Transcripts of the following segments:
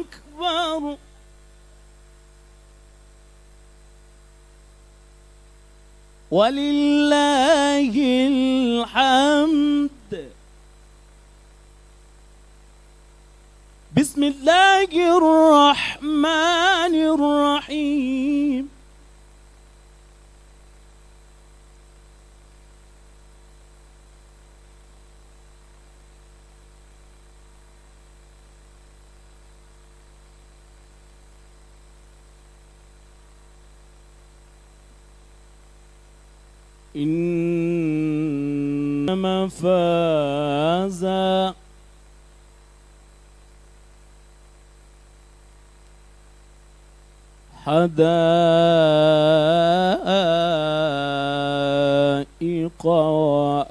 أكبر ولله الحمد بسم الله الرحمن الرحيم إنما فاز حدائق وأعناب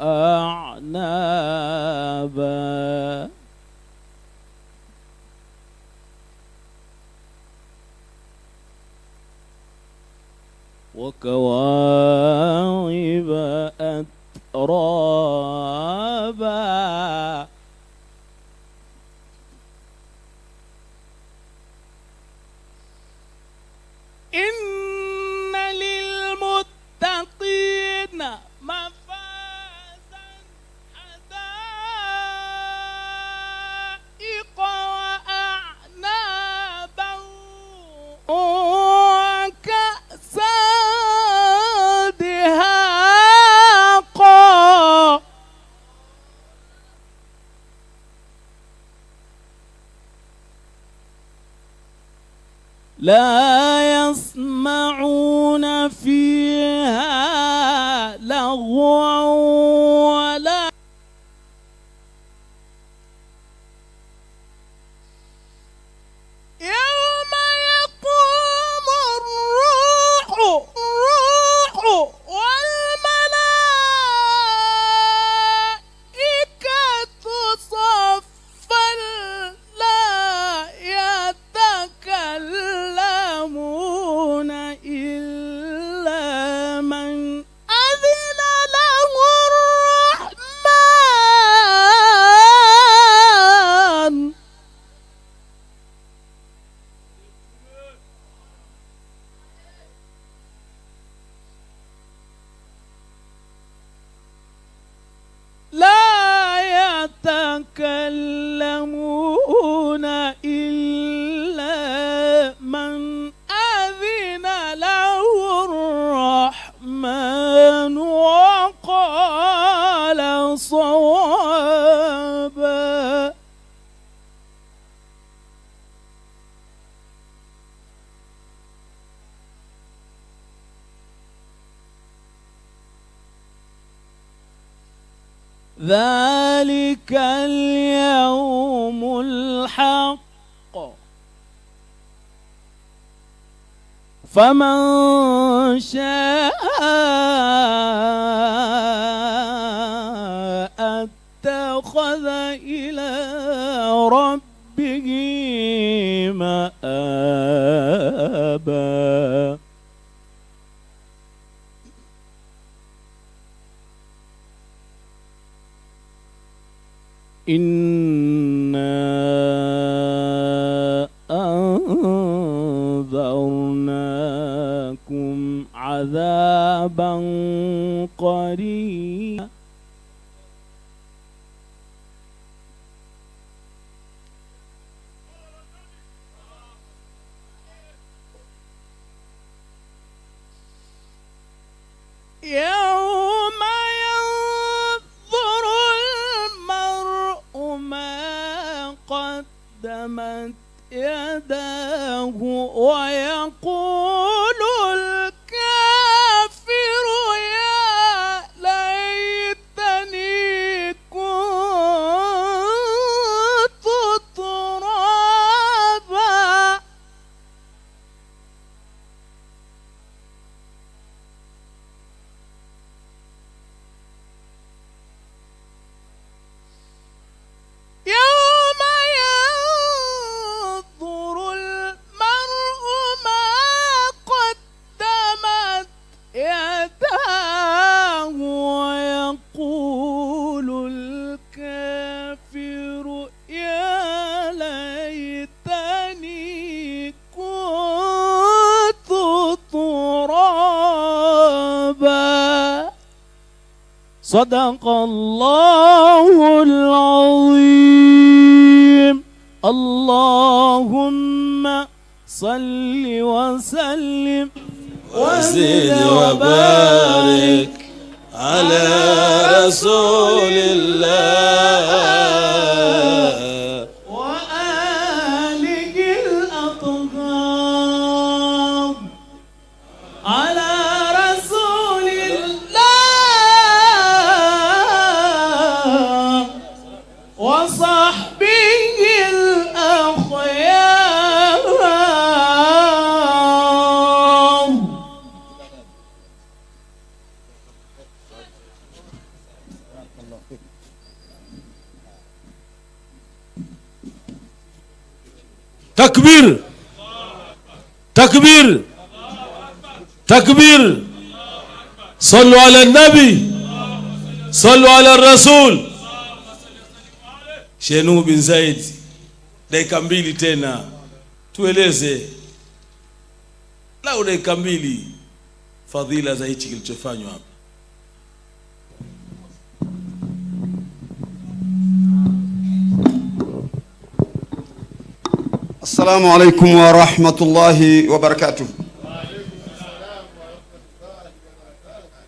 La فمن شاء اتخذ إلى ربه مآبا إن صدق الله العظيم اللهم صل وسلم وزد وبارك على رسول الله Takbir, takbir! Sallu ala nabi, sallu ala rasul. shenu bin Zaid, dakika mbili tena, tueleze lau dakika mbili fadhila za hichi kilichofanywa hapa. Assalamu alaikum warahmatullahi wabarakatuh.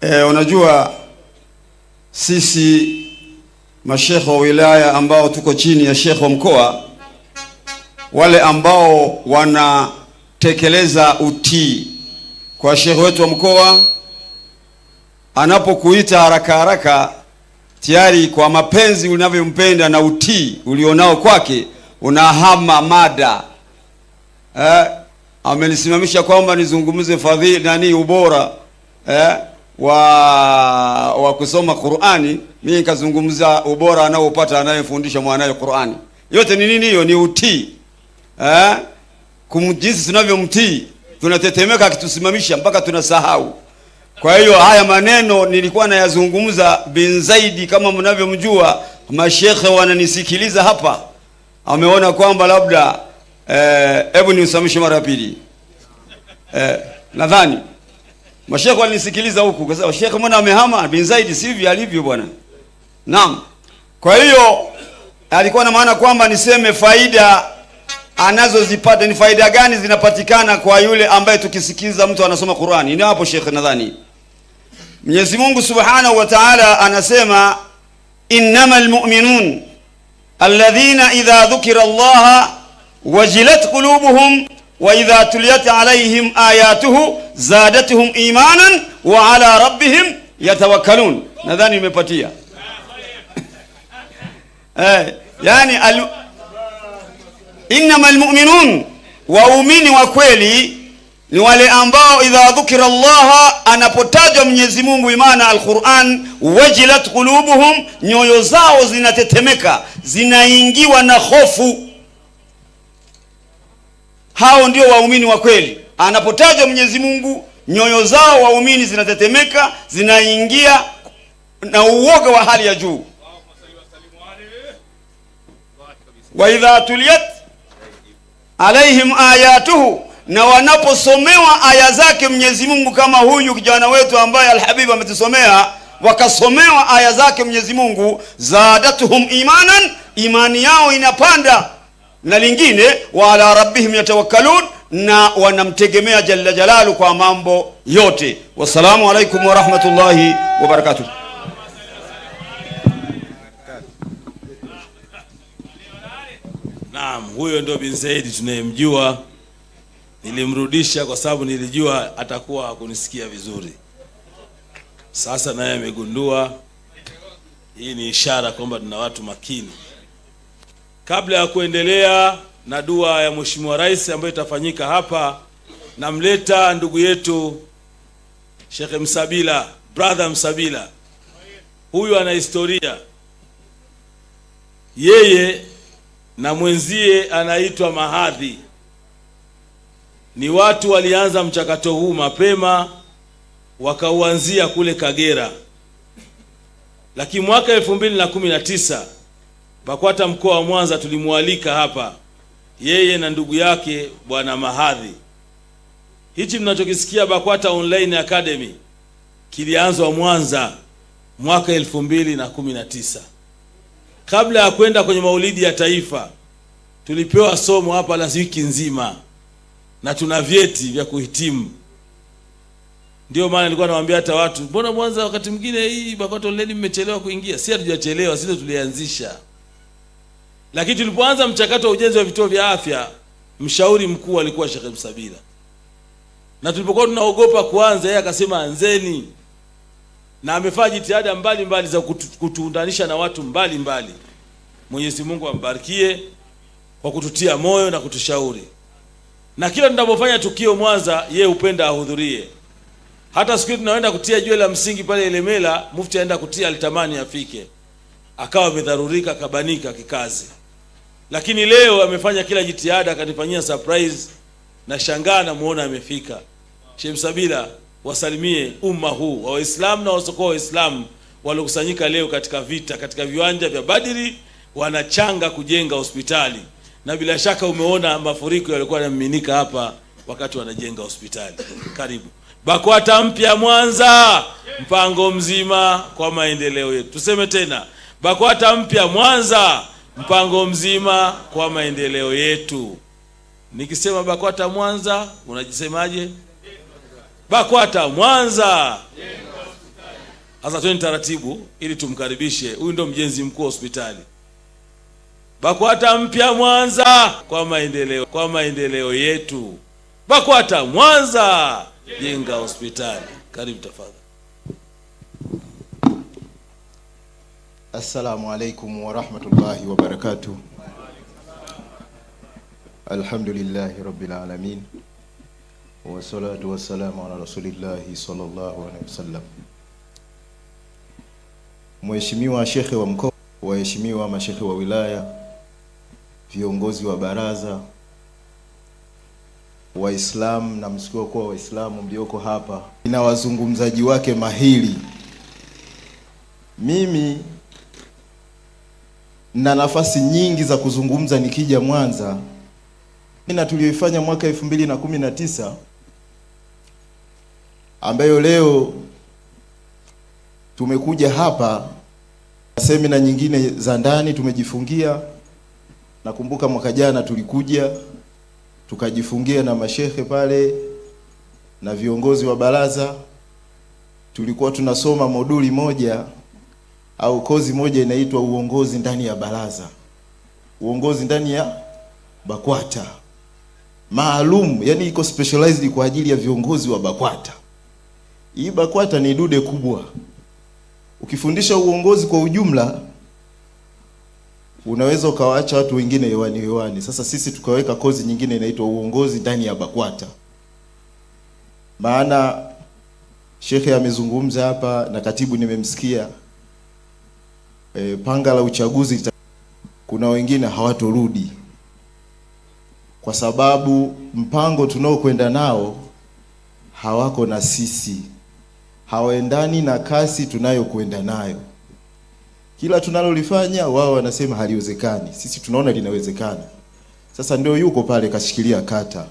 E, unajua sisi mashekhe wa wilaya ambao tuko chini ya shekhe wa mkoa, wale ambao wanatekeleza utii kwa shekhe wetu wa mkoa, anapokuita haraka haraka, tayari kwa mapenzi unavyompenda na utii ulionao kwake unahama mada eh, amenisimamisha kwamba nizungumze fadhili nani ubora eh, wa wa kusoma Qur'ani, mimi nikazungumza ubora anaopata anayefundisha mwanaye Qur'ani. Yote ni nini hiyo? Ni utii eh, kumjinsi tunavyomtii tunatetemeka akitusimamisha mpaka tunasahau. Kwa hiyo haya maneno nilikuwa nayazungumza bin Zaidi, kama mnavyomjua mashekhe wananisikiliza hapa, ameona kwamba labda hebu eh, niusamishe mara ya pili eh, nadhani mashekhe walinisikiliza huku, kwa sababu shekhe mbona amehama bin Zaid, sivyo alivyo bwana. Naam, kwa hiyo alikuwa na maana kwamba niseme faida anazozipata ni faida gani zinapatikana kwa yule ambaye tukisikiza mtu anasoma Qur'ani. ni hapo shekhe, nadhani Mwenyezi Mungu Subhanahu wa Ta'ala anasema innamal mu'minun alladhina idha dhukira Allaha وجلت قلوبهم وإذا تليت عليهم آياته زادتهم إيمانا وعلى ربهم يتوكلون نذاني مبتيا آه، يعني ال... إنما المؤمنون وأؤمن وكوالي نوالي أمباو إذا ذكر الله أنا بتاج من يزمون بمعنى القرآن وجلت قلوبهم نيوزاو زنا تتمكا زنا ينجي ونخوفو hao ndio waumini wa kweli. Anapotajwa Mwenyezi Mungu, nyoyo zao waumini zinatetemeka, zinaingia na uoga wa hali ya juu. wa idha tuliyat alaihim ayatuhu, na wanaposomewa aya zake Mwenyezi Mungu, kama huyu kijana wetu ambaye Alhabibu ametusomea, wakasomewa aya zake Mwenyezi Mungu, zadatuhum imanan, imani yao inapanda na lingine wa ala rabbihim yatawakkalun, na wanamtegemea jalla jalalu kwa mambo yote. Wassalamu alaikum warahmatullahi wabarakatuh. Naam, huyo ndio bin Said tunayemjua. Nilimrudisha kwa sababu nilijua atakuwa hakunisikia vizuri. Sasa naye amegundua, hii ni ishara kwamba tuna watu makini. Kabla ya kuendelea na dua ya Mheshimiwa Rais ambayo itafanyika hapa, namleta ndugu yetu Sheikh Msabila, brother Msabila. Huyu ana historia yeye na mwenzie anaitwa Mahadhi. Ni watu walianza mchakato huu mapema, wakauanzia kule Kagera, lakini mwaka elfu mbili na kumi na tisa BAKWATA mkoa wa Mwanza tulimwalika hapa yeye na ndugu yake bwana Mahadhi. Hichi mnachokisikia BAKWATA Online Academy kilianzwa Mwanza mwaka elfu mbili na kumi na tisa. Kabla ya kwenda kwenye maulidi ya taifa, tulipewa somo hapa la wiki nzima na tuna vyeti vya kuhitimu. Ndio maana nilikuwa nawaambia hata watu, mbona Mwanza wakati mwingine hii BAKWATA Online mmechelewa kuingia? Si hatujachelewa, sisi tulianzisha. Lakini tulipoanza mchakato wa ujenzi wa vituo vya afya, mshauri mkuu alikuwa Sheikh Msabila, na tulipokuwa tunaogopa kuanza, yeye akasema anzeni, na amefanya jitihada mbalimbali za kutuunganisha na watu mbalimbali. Mwenyezi Mungu ambarikie kwa kututia moyo na kutushauri, na kila tunapofanya tukio Mwanza, yeye hupenda ahudhurie. Hata siku tunaenda kutia jiwe la msingi pale Ilemela, mufti aenda kutia, alitamani afike, akawa amedharurika, akabanika kikazi lakini leo amefanya kila jitihada, akanifanyia surprise na shangaa, namuona amefika. Sheikh Sabila, wasalimie umma huu wa Waislamu na wasiokuwa Waislamu waliokusanyika leo katika vita, katika viwanja vya Badiri, wanachanga kujenga hospitali, na bila shaka umeona mafuriko yalikuwa yanamiminika hapa wakati wanajenga hospitali. Karibu BAKWATA mpya Mwanza, mpango mzima kwa maendeleo yetu. Tuseme tena, BAKWATA mpya Mwanza mpango mzima kwa maendeleo yetu. Nikisema BAKWATA Mwanza unajisemaje? BAKWATA Mwanza. Sasa twende taratibu ili tumkaribishe. Huyu ndo mjenzi mkuu wa hospitali. BAKWATA mpya Mwanza kwa maendeleo, kwa maendeleo yetu. BAKWATA Mwanza, jenga hospitali. Karibu tafadhali. Assalamu alaikum warahmatullahi wabarakatuh. Alhamdulillahi rabbil alamin wassalatu wassalamu ala rasulillahi sallallahu alaihi wasallam. Mheshimiwa Shekhe wa mkoa, waheshimiwa mashekhe wa wilaya, viongozi wa baraza, Waislamu na msikio kuwa Waislamu mlioko hapa na wazungumzaji wake mahili mimi na nafasi nyingi za kuzungumza nikija Mwanza na tuliyoifanya mwaka elfu mbili na kumi na tisa ambayo leo tumekuja hapa semina nyingine za ndani tumejifungia. Nakumbuka mwaka jana tulikuja tukajifungia na mashehe pale na viongozi wa baraza, tulikuwa tunasoma moduli moja au kozi moja inaitwa uongozi ndani ya baraza, uongozi ndani ya BAKWATA maalum, yani iko specialized kwa ajili ya viongozi wa BAKWATA. Hii BAKWATA ni dude kubwa. Ukifundisha uongozi kwa ujumla, unaweza ukawaacha watu wengine hewani hewani. Sasa sisi tukaweka kozi nyingine inaitwa uongozi ndani ya BAKWATA, maana shekhe amezungumza hapa na katibu nimemsikia e, panga la uchaguzi, kuna wengine hawatorudi kwa sababu mpango tunaokwenda nao hawako na sisi, hawaendani na kasi tunayokwenda nayo. Kila tunalolifanya wao wanasema haliwezekani, sisi tunaona linawezekana. Sasa ndio yuko pale kashikilia kata.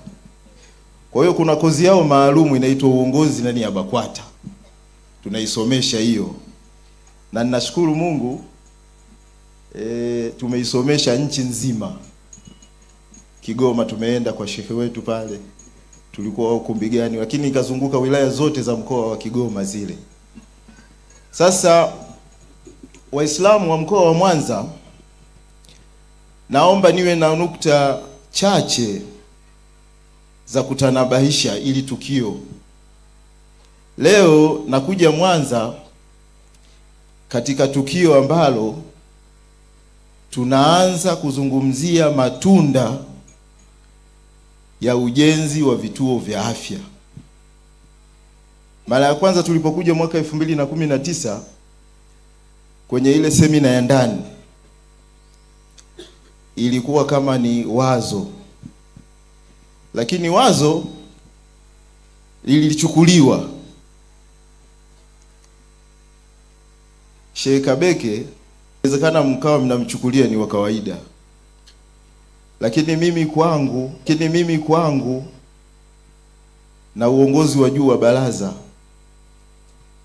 Kwa hiyo kuna kozi yao maalumu inaitwa uongozi ndani ya BAKWATA, tunaisomesha hiyo na ninashukuru Mungu e, tumeisomesha nchi nzima. Kigoma tumeenda kwa shehe wetu pale, tulikuwa ukumbi gani, lakini ikazunguka wilaya zote za mkoa wa Kigoma zile. Sasa Waislamu wa mkoa wa Mwanza, naomba niwe na nukta chache za kutanabahisha ili tukio leo nakuja Mwanza katika tukio ambalo tunaanza kuzungumzia matunda ya ujenzi wa vituo vya afya. Mara ya kwanza tulipokuja mwaka elfu mbili na kumi na tisa kwenye ile semina ya ndani, ilikuwa kama ni wazo, lakini wazo lilichukuliwa Sheikh Kabeke inawezekana mkawa mnamchukulia ni wa kawaida, lakini mimi kwangu, lakini mimi kwangu na uongozi wa juu wa baraza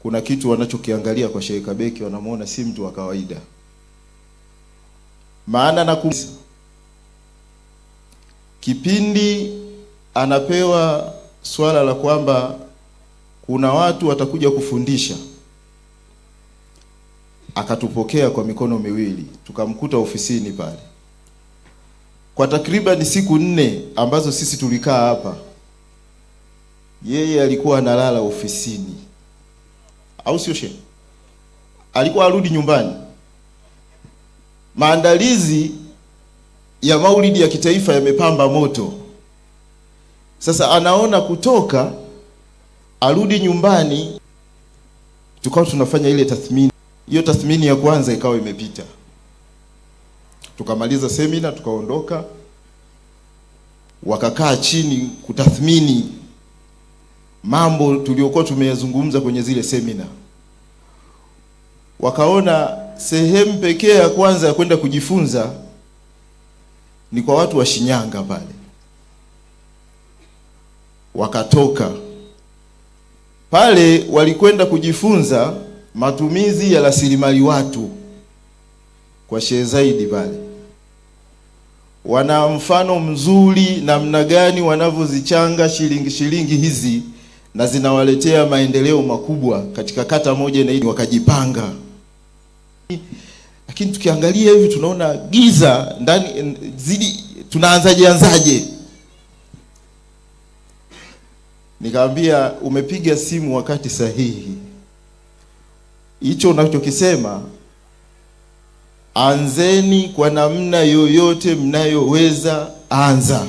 kuna kitu wanachokiangalia kwa Sheikh Kabeke, wanamuona si mtu wa kawaida. Maana na kum... kipindi anapewa swala la kwamba kuna watu watakuja kufundisha akatupokea kwa mikono miwili, tukamkuta ofisini pale kwa takriban siku nne ambazo sisi tulikaa hapa. Yeye alikuwa analala ofisini, au sio shehe? Alikuwa arudi nyumbani. Maandalizi ya maulidi ya kitaifa yamepamba moto. Sasa anaona kutoka arudi nyumbani, tukawa tunafanya ile tathmini. Hiyo tathmini ya kwanza ikawa imepita, tukamaliza semina, tukaondoka, wakakaa chini kutathmini mambo tuliokuwa tumeyazungumza kwenye zile semina, wakaona sehemu pekee ya kwanza ya kwenda kujifunza ni kwa watu wa Shinyanga pale. Wakatoka pale, walikwenda kujifunza matumizi ya rasilimali watu kwa shehe Zaidi pale, wana mfano mzuri namna gani wanavyozichanga shilingi shilingi hizi na zinawaletea maendeleo makubwa katika kata moja, na wakajipanga. Lakini tukiangalia hivi tunaona giza ndani zidi, tunaanzaje anzaje? Nikamwambia umepiga simu wakati sahihi hicho unachokisema, anzeni kwa namna yoyote mnayoweza anza.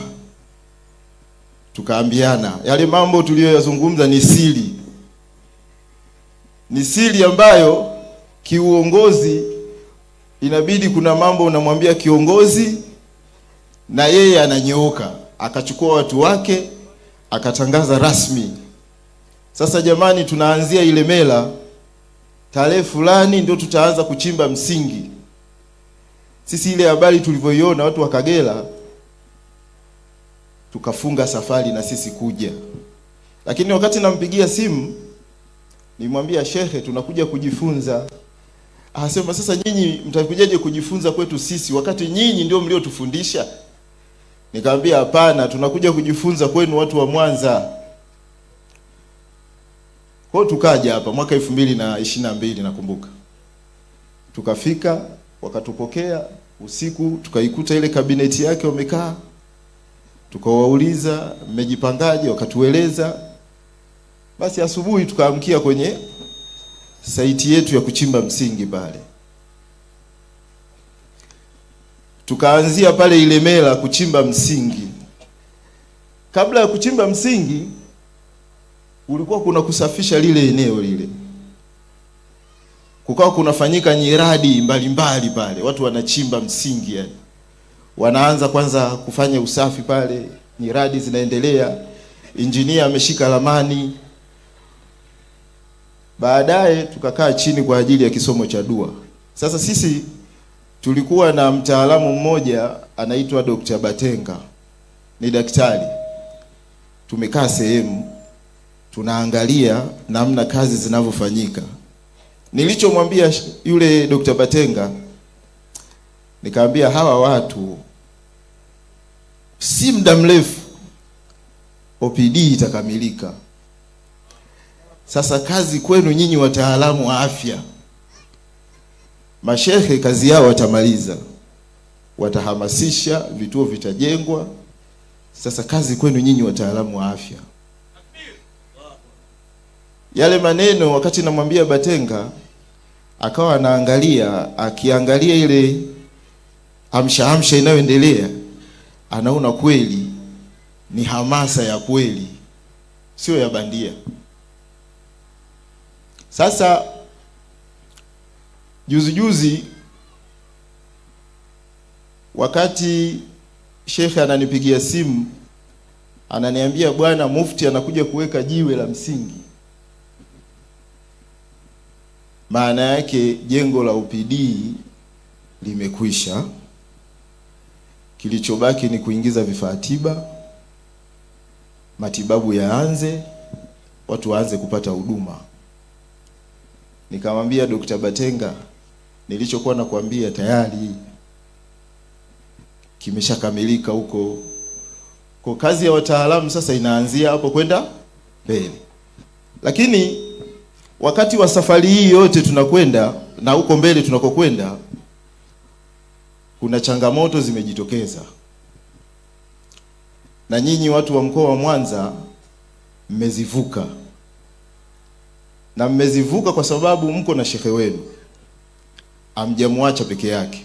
Tukaambiana yale mambo tuliyoyazungumza ni siri, ni siri ambayo kiuongozi inabidi kuna mambo unamwambia kiongozi na yeye ananyooka, akachukua watu wake akatangaza rasmi. Sasa jamani, tunaanzia Ilemela tarehe fulani ndio tutaanza kuchimba msingi. Sisi ile habari tulivyoiona, watu wa Kagera tukafunga safari na sisi kuja, lakini wakati nampigia simu nimwambia shehe, tunakuja kujifunza. asema sasa nyinyi mtakujaje kujifunza kwetu sisi wakati nyinyi ndio mliotufundisha? Nikamwambia hapana, tunakuja kujifunza kwenu watu wa Mwanza. Kwa hiyo tukaja hapa mwaka elfu mbili na ishirini na mbili nakumbuka, tukafika wakatupokea usiku, tukaikuta ile kabineti yake wamekaa, tukawauliza mmejipangaje, wakatueleza. Basi asubuhi tukaamkia kwenye saiti yetu ya kuchimba msingi pale, tukaanzia pale Ilemela kuchimba msingi. Kabla ya kuchimba msingi ulikuwa kuna kusafisha lile eneo lile, kukawa kunafanyika nyiradi mbalimbali pale, watu wanachimba msingi, yani wanaanza kwanza kufanya usafi pale, nyiradi zinaendelea, injinia ameshika ramani. Baadaye tukakaa chini kwa ajili ya kisomo cha dua. Sasa sisi tulikuwa na mtaalamu mmoja anaitwa Dr. Batenga, ni daktari. Tumekaa sehemu tunaangalia namna kazi zinavyofanyika. Nilichomwambia yule Dr. Batenga nikaambia hawa watu si muda mrefu OPD itakamilika. Sasa kazi kwenu nyinyi wataalamu wa afya, mashehe kazi yao watamaliza, watahamasisha, vituo vitajengwa. Sasa kazi kwenu nyinyi wataalamu wa afya yale maneno wakati namwambia Batenga akawa anaangalia, akiangalia ile hamsha hamsha inayoendelea, anaona kweli ni hamasa ya kweli, sio ya bandia. Sasa juzi juzi, wakati shekhe ananipigia simu ananiambia, bwana mufti anakuja kuweka jiwe la msingi maana yake jengo la OPD limekwisha, kilichobaki ni kuingiza vifaa tiba, matibabu yaanze, watu waanze kupata huduma. Nikamwambia Dr. Batenga, nilichokuwa nakwambia tayari kimeshakamilika huko. Kwa kazi ya wataalamu sasa inaanzia hapo kwenda mbele, lakini Wakati wa safari hii yote tunakwenda na huko mbele tunakokwenda, kuna changamoto zimejitokeza, na nyinyi watu wa mkoa wa Mwanza mmezivuka, na mmezivuka kwa sababu mko na shekhe wenu, amjamwacha peke yake.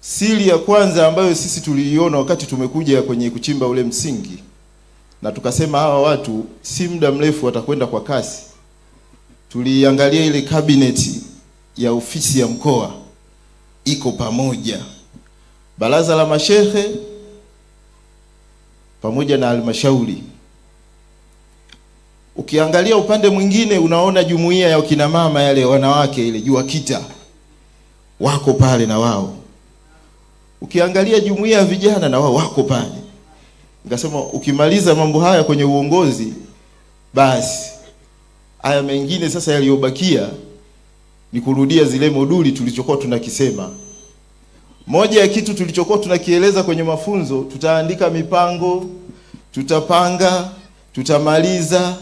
Siri ya kwanza ambayo sisi tuliiona wakati tumekuja kwenye kuchimba ule msingi na tukasema hawa watu si muda mrefu watakwenda kwa kasi. Tuliangalia ile kabineti ya ofisi ya mkoa iko pamoja, baraza la mashehe pamoja na halmashauri. Ukiangalia upande mwingine, unaona jumuiya ya kina mama yale wanawake ile kita wako pale na wao, ukiangalia jumuiya ya vijana na wao wako pale Nikasema ukimaliza mambo haya kwenye uongozi, basi haya mengine sasa yaliyobakia ni kurudia zile moduli tulichokuwa tunakisema. Moja ya kitu tulichokuwa tunakieleza kwenye mafunzo, tutaandika mipango, tutapanga, tutamaliza,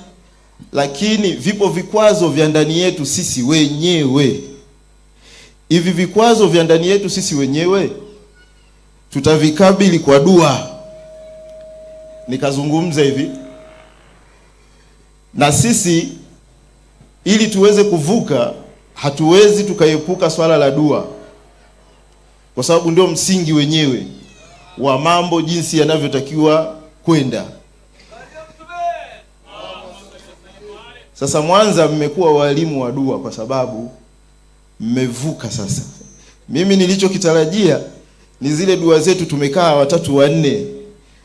lakini vipo vikwazo vya ndani yetu sisi wenyewe. Hivi vikwazo vya ndani yetu sisi wenyewe tutavikabili kwa dua nikazungumza hivi, na sisi ili tuweze kuvuka, hatuwezi tukaepuka swala la dua, kwa sababu ndio msingi wenyewe wa mambo jinsi yanavyotakiwa kwenda. Sasa Mwanza mmekuwa walimu wa dua kwa sababu mmevuka sasa. Mimi nilichokitarajia ni zile dua zetu tumekaa watatu wanne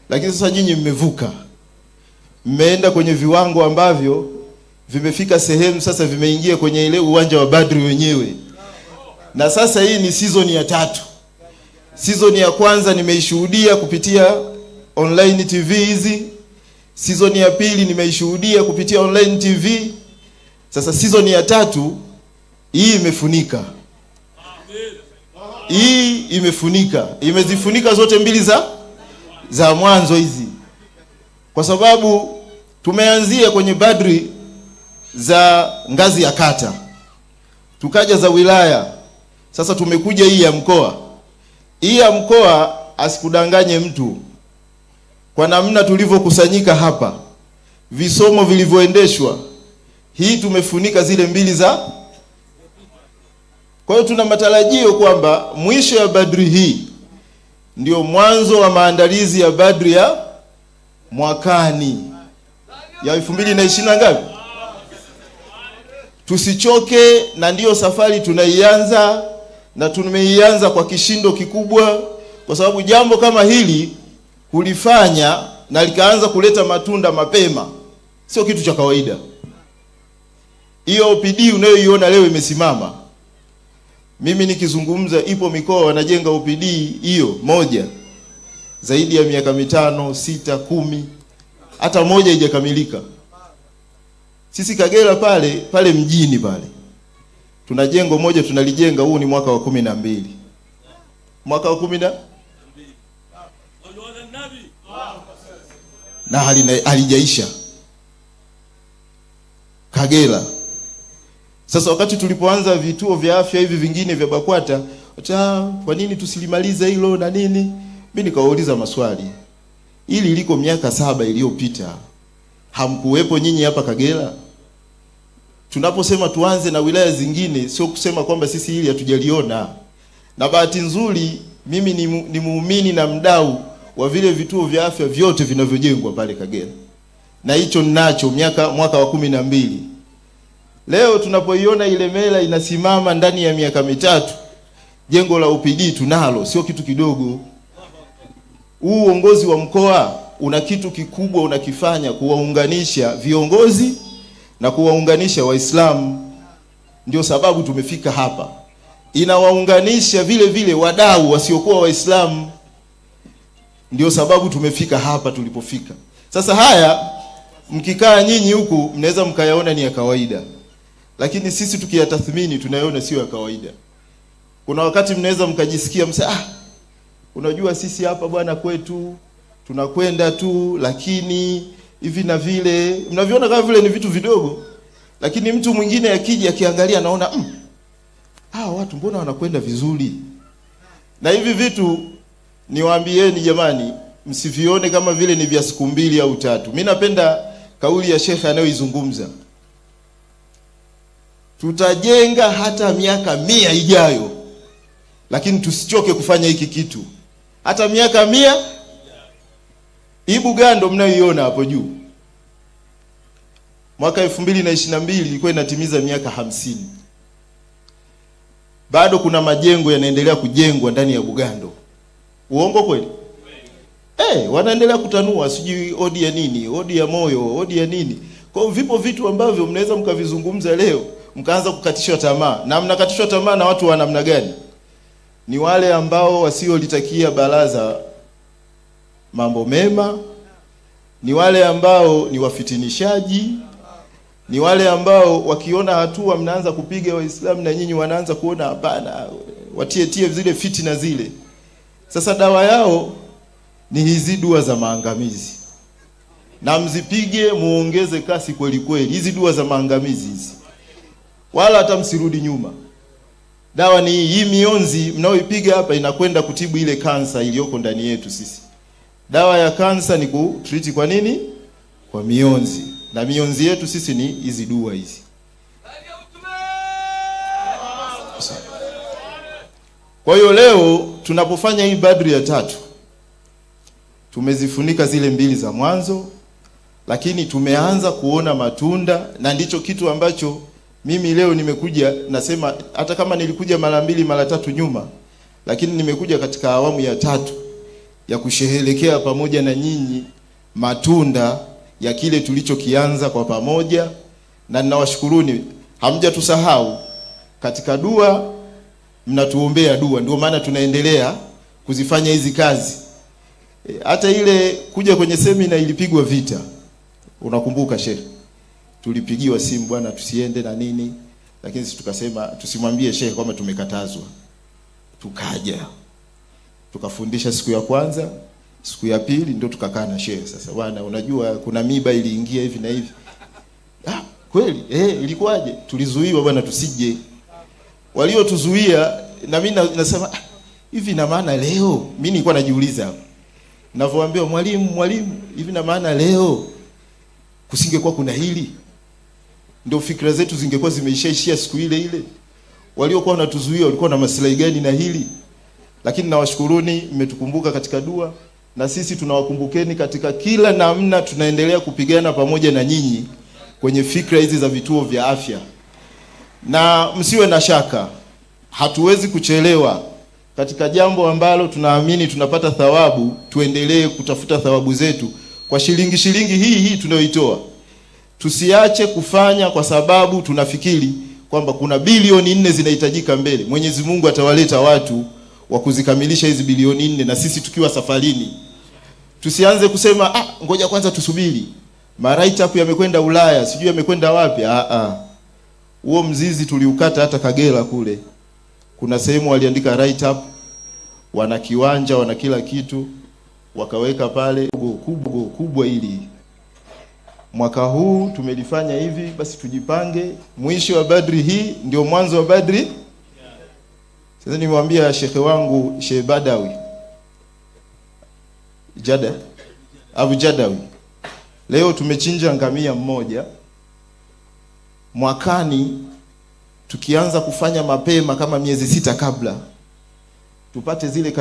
lakini sasa nyinyi mmevuka, mmeenda kwenye viwango ambavyo vimefika sehemu sasa, vimeingia kwenye ile uwanja wa Badri wenyewe, na sasa hii ni season ya tatu. Season ya kwanza nimeishuhudia kupitia online TV hizi, season ya pili nimeishuhudia kupitia online TV. Sasa season ya tatu hii imefunika, hii imefunika, imezifunika zote mbili za za mwanzo hizi, kwa sababu tumeanzia kwenye badri za ngazi ya kata, tukaja za wilaya, sasa tumekuja hii ya mkoa. Hii ya mkoa, asikudanganye mtu, kwa namna tulivyokusanyika hapa, visomo vilivyoendeshwa, hii tumefunika zile mbili za. Kwa hiyo tuna matarajio kwamba mwisho ya badri hii ndio mwanzo wa maandalizi ya Badri ya mwakani ya elfu mbili na ishirini na ngapi? Tusichoke, na ndiyo safari tunaianza, na tumeianza kwa kishindo kikubwa, kwa sababu jambo kama hili kulifanya na likaanza kuleta matunda mapema sio kitu cha kawaida. Hiyo OPD unayoiona leo imesimama mimi nikizungumza, ipo mikoa wanajenga OPD hiyo moja zaidi ya miaka mitano, sita, kumi, hata moja haijakamilika. Sisi Kagera pale pale mjini pale tuna jengo moja tunalijenga, huu ni mwaka wa kumi na mbili, mwaka wa kumi na na halijaisha Kagera. Sasa wakati tulipoanza vituo vya afya hivi vingine vya Bakwata, kwa nini tusilimalize hilo na nini? Mimi nikawauliza maswali. Ili liko miaka saba iliyopita. Hamkuwepo nyinyi hapa Kagera? Tunaposema tuanze na wilaya zingine, sio kusema kwamba sisi hili hatujaliona. Na bahati nzuri mimi ni muumini na mdau wa vile vituo vya afya vyote vinavyojengwa pale Kagera, na hicho ninacho miaka mwaka wa kumi na mbili Leo tunapoiona ile mela inasimama ndani ya miaka mitatu, jengo la UPD tunalo, sio kitu kidogo. Huu uongozi wa mkoa una kitu kikubwa unakifanya, kuwaunganisha viongozi na kuwaunganisha Waislamu. Ndio sababu tumefika hapa. Inawaunganisha vile vile wadau wasiokuwa Waislamu, ndio sababu tumefika hapa tulipofika. Sasa haya mkikaa nyinyi huku mnaweza mkayaona ni ya kawaida lakini sisi tukiyatathmini tunayoona sio ya kawaida. Kuna wakati mnaweza mkajisikia mse, ah, unajua sisi hapa bwana kwetu tunakwenda tu, lakini hivi na vile mnaviona kama vile ni vitu vidogo, lakini mtu mwingine akija akiangalia anaona mm, ah, watu mbona wanakwenda vizuri. Na hivi vitu niwaambieni jamani, msivione kama vile ni vya siku mbili au tatu. Mi napenda kauli ya shekhe anayoizungumza tutajenga hata miaka mia ijayo, lakini tusichoke kufanya hiki kitu hata miaka mia. Hii Bugando mnayoiona hapo juu mwaka elfu mbili na ishirini na mbili ilikuwa inatimiza miaka hamsini. Bado kuna majengo yanaendelea kujengwa ndani ya Bugando. Uongo kweli? Hey, eh, wanaendelea kutanua sijui odi ya nini, odi ya moyo, odi ya nini. Kwa hiyo vipo vitu ambavyo mnaweza mkavizungumza leo mkaanza kukatishwa tamaa. Na mnakatishwa tamaa na watu wa namna gani? Ni wale ambao wasiolitakia baraza mambo mema, ni wale ambao ni wafitinishaji, ni wale ambao wakiona hatua mnaanza kupiga Waislamu na nyinyi wanaanza kuona hapana, watietie zile fitina zile. Sasa dawa yao ni hizi dua za maangamizi, na mzipige muongeze kasi kweli kweli, hizi dua za maangamizi hizi wala hata msirudi nyuma. Dawa ni hii mionzi mnaoipiga hapa inakwenda kutibu ile kansa iliyoko ndani yetu sisi. Dawa ya kansa ni kutriti kwa nini? Kwa mionzi, na mionzi yetu sisi ni hizi dua hizi. Kwa hiyo leo tunapofanya hii Badri ya tatu tumezifunika zile mbili za mwanzo, lakini tumeanza kuona matunda na ndicho kitu ambacho mimi leo nimekuja nasema, hata kama nilikuja mara mbili mara tatu nyuma, lakini nimekuja katika awamu ya tatu ya kusherehekea pamoja na nyinyi matunda ya kile tulichokianza kwa pamoja, na ninawashukuruni, hamjatusahau katika dua, mnatuombea dua, ndio maana tunaendelea kuzifanya hizi kazi. E, hata ile kuja kwenye semina ilipigwa vita, unakumbuka shehe tulipigiwa simu bwana, tusiende na nini, lakini sisi tukasema tusimwambie shehe kwamba tumekatazwa. Tukaja tukafundisha siku ya kwanza, siku ya pili ndio tukakaa na shehe sasa, bwana, unajua kuna miba iliingia hivi na hivi. Ah, kweli eh, ilikuwaje? Tulizuiwa bwana, tusije. Waliotuzuia na mimi nasema ah, hivi, na maana leo mimi nilikuwa najiuliza hapo navyoambiwa, mwalimu, mwalimu, hivi na maana leo kusingekuwa kuna hili ndio fikra zetu zingekuwa zimeishaishia siku ile ile? Waliokuwa wanatuzuia walikuwa na maslahi gani na hili? Lakini nawashukuruni, mmetukumbuka katika dua, na sisi tunawakumbukeni katika kila namna. Tunaendelea kupigana pamoja na nyinyi kwenye fikra hizi za vituo vya afya, na msiwe na shaka, hatuwezi kuchelewa katika jambo ambalo tunaamini tunapata thawabu. Tuendelee kutafuta thawabu zetu kwa shilingi shilingi hii hii tunayoitoa Tusiache kufanya kwa sababu tunafikiri kwamba kuna bilioni nne zinahitajika mbele. Mwenyezi Mungu atawaleta watu wa kuzikamilisha hizi bilioni nne, na sisi tukiwa safarini tusianze kusema ah, ngoja kwanza tusubiri hapo yamekwenda Ulaya, sijui yamekwenda wapi. Ah, ah. Huo mzizi tuliukata hata Kagera kule, kuna sehemu waliandika write up, wana kiwanja wana kila kitu, wakaweka pale kubwa kubwa ili mwaka huu tumelifanya hivi, basi tujipange. Mwisho wa Badri hii ndio mwanzo wa Badri. Sasa nimwambia shekhe wangu Sheikh Badawi Jada Abu Jadawi, leo tumechinja ngamia mmoja. Mwakani tukianza kufanya mapema kama miezi sita kabla, tupate zile